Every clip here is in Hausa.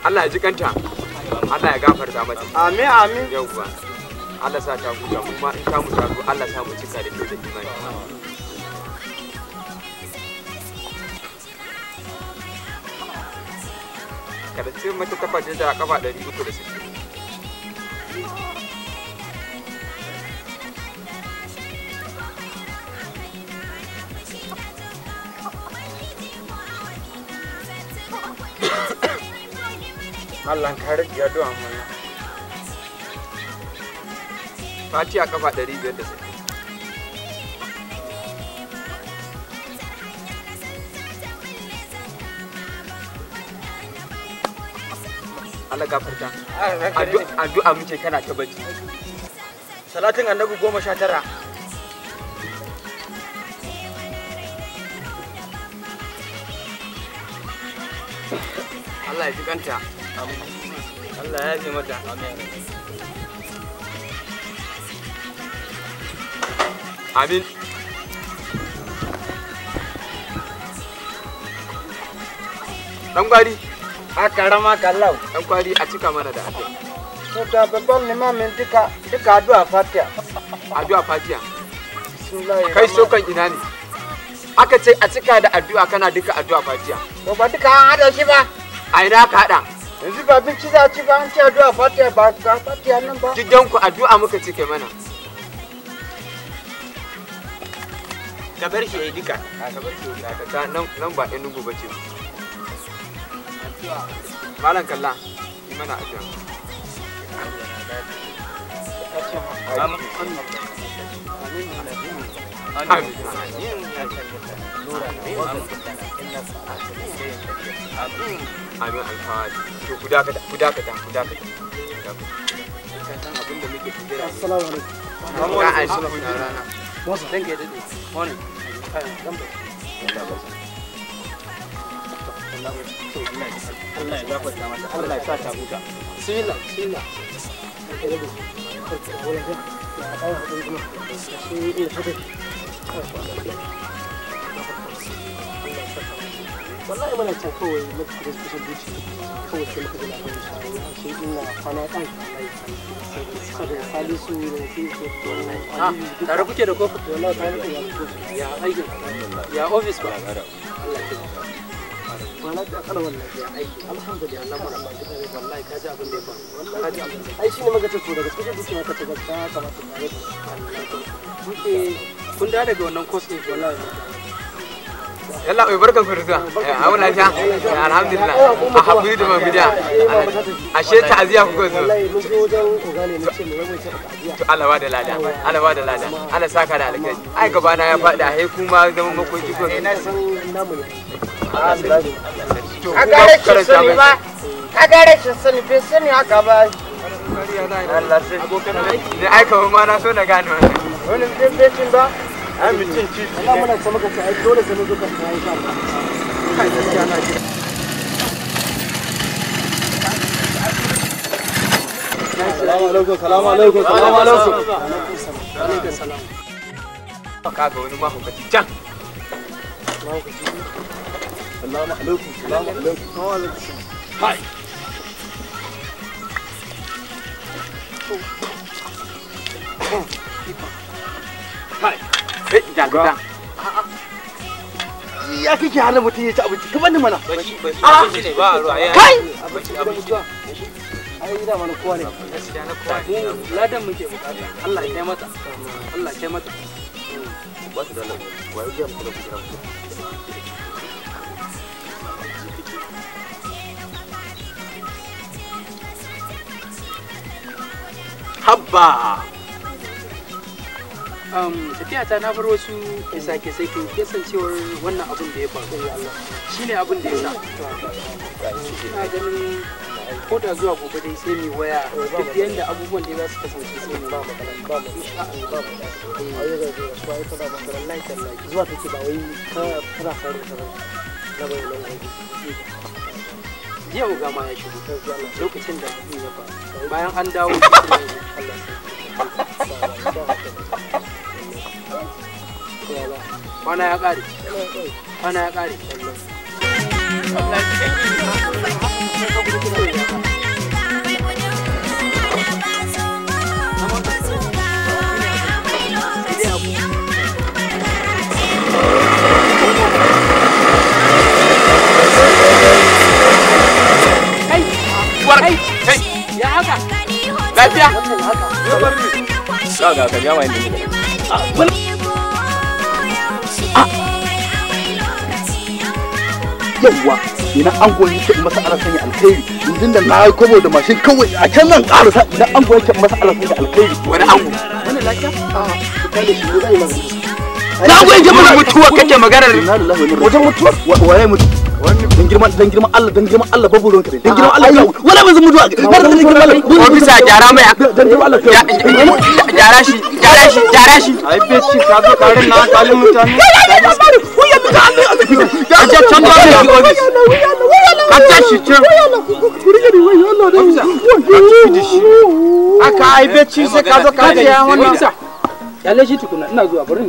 Allah ya ji kanta Allah ya gafarta mata amin amin yauwa Allah sa ta huta kuma in ta mu tazo Allah sa mu cika da kyau da imani kada ce mata kafa da kafa 360 Allah ka rage addu'a kafa 500 Allah gafarta addu'a annabi goma sha tara Allah ya fi kanta Allah kwari. ji mata amin dan gwari a karama kallau dan gwari a cika mana da addu'a to da babban limamin duka duka addu'a fatiha addu'a fatiha kai sokan ina ne aka ce a cika da addu'a kana duka addu'a fatiha to ba duka an hada shi ba a ina ka hada yanzu ba abinci za ci ba an ci addu'a fatiha ba ga fatiha nan ba gidanku addu'a muka ci kai mana ka bar shi yayi duka ka bar shi nan nan ba enugu bace malam kalla yi mana addu'a Amin. amin alfahari to ku assalamu alaikum Allah Allah ya sa ta ya wallahi mana can kawai muka da salisu ah, kuke da kofi wallahi tare da kofi ya aikin ba da akalla ba ka ji abin da kun da daga wannan course din wallahi yalla bai barkan ku eh, a abu lafiya eh, alhamdulillah eh, a haƙuri da mafidiya ashe ta aziya ku gozo to da lada alawa da lada ala saka da alkai ai gaba na ya faɗi a haiku ma zaman makoki ko a gare shi sani ba a gare shi sani bai sani haka ba Allah sai da aika ma na so na gane wannan wani bai ba ها 200 كيلو والله ما سمكه في الدوله سمكه في السلام عليكم السلام عليكم السلام عليكم عليكم السلام kaga wani mahaukaci can salamu alaikum salamu alaikum hai Oh. dakatar ya kike hana mutum ya ci abinci ka bani mana ah. kai ai da mana kowa ne ladan muke bukata Allah ya mata Allah ya mata ba su da nan wa habba tafiya ta na bar wasu sake sai wannan abin da ya faru shi ne abin da ya sa ganin ko da zuwa gobe dai sai waya duk yanda abubuwan da za su kasance sai ba ba ba ba ba ba ba ba ba ba ba ba ka ba ba yau ya lokacin da ya bayan an dawo Allah kwana ya kare kwana ya kare Ya haka? Lafiya? Haka. Ya Ga ga ka yawwa ina an goyi yake masa ala sanya alkhairi yanzu da na kobo da mashin kawai a can nan karasa ina an goyi yake masa ala sanya alkhairi wani ango wani lafiya a ah, kalle shi ne zai magana na goyi yake masa mutuwa kake maganar wajen mutuwa waye mutuwa dan girman dan girman Allah dan girman Allah babu ruwanka dan girman Allah wala ban zan mutu bar dan girman Allah ko bisa jara mai dan girman Allah jara shi jara shi jara shi ai beci ka ga tare na kalin mutane wuya mi ga Allah ya ce can da ne shi ce aka ai beci sai ka zo ka ce wannan yale shi tukuna ina zuwa bari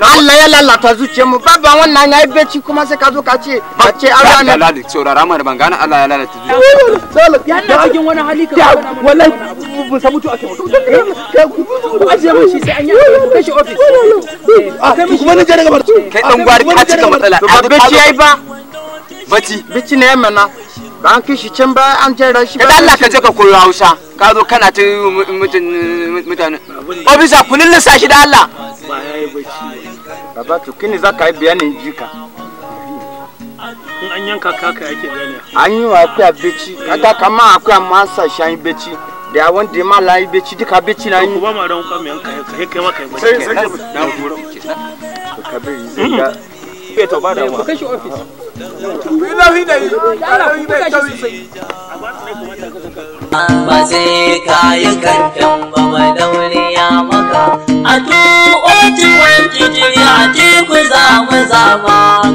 Allah ya lalata zuciyar mu babban wannan yayi beci kuma sai ka zo ka ce ka ce Allah ne Allah saurara mu da bangana Allah ya lalata zuciyar yana cikin wani hali ka wallahi samu to ake kai ku shi sai an yi eh, kai shi office eh, kai kuma ne daga kai dan gwari ka cika matsala a beci yayi ba bati ne mana an kishi can ba an jera shi ba Allah ka je ka koyo Hausa ka zo kana ta mutane ofisa kullun shi da Allah ba ya yi bacci baba to kini za ka yi bayanin jika in an yanka kaka yake gani an yi wa akuya bacci kaga kama akuya ma sa shi an yi beci da yawon da ma la yi bacci duka beci na yi ba ma ran kwami yanka an kai kai ma kai sai sai da gura to ka bai zai ga ke to ba da wa kai shi office ina Bila da yi, ala yi bai kawai sai. Ba sai kayan kantin ba madauriya maka a kirkiri a teku za zama